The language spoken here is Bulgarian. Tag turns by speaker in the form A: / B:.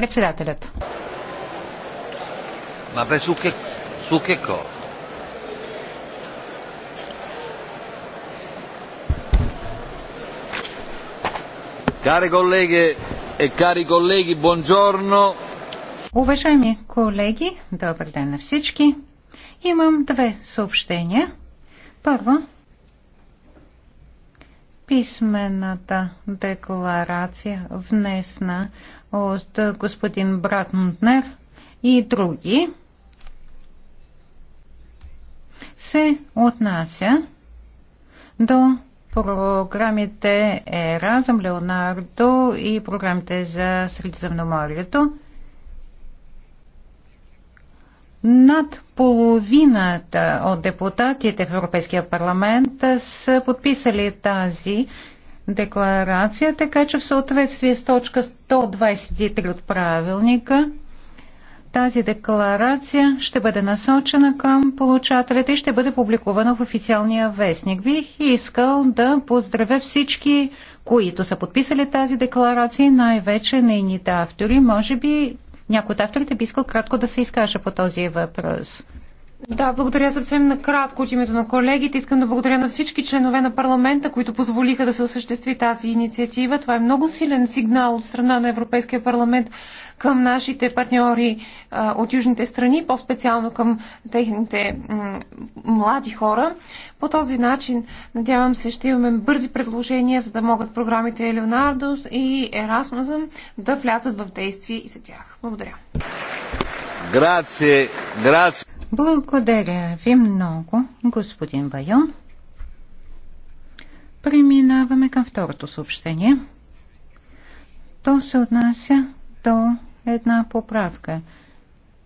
A: Председателят.
B: Ма бе, суке, che cosa? Care colleghe e cari colleghi, buongiorno.
A: Уважаеми колеги, добър ден на всички. Имам две съобщения. Първо, Писмената декларация внесна от господин Братнер и други се отнася до програмите ЕРА за Леонардо и програмите за Средиземноморието. Над половината от депутатите в Европейския парламент са подписали тази декларация, така че в съответствие с точка 123 от правилника тази декларация ще бъде насочена към получателите и ще бъде публикувана в официалния вестник. Бих искал да поздравя всички, които са подписали тази декларация, най-вече нейните автори. Може би някой от авторите би искал кратко да се изкаже по този въпрос.
B: Да, благодаря съвсем накратко от името на колегите. Искам да благодаря на всички членове на парламента, които позволиха да се осъществи тази инициатива. Това е много силен сигнал от страна на Европейския парламент към нашите партньори а, от южните страни, по-специално към техните млади хора. По този начин, надявам се, ще имаме бързи предложения, за да могат програмите Леонардос и Ерасмазъм да влязат в действие и за тях. Благодаря.
A: Грация, грация. Благодаря ви много, господин Байон. Преминаваме към второто съобщение. То се отнася до една поправка.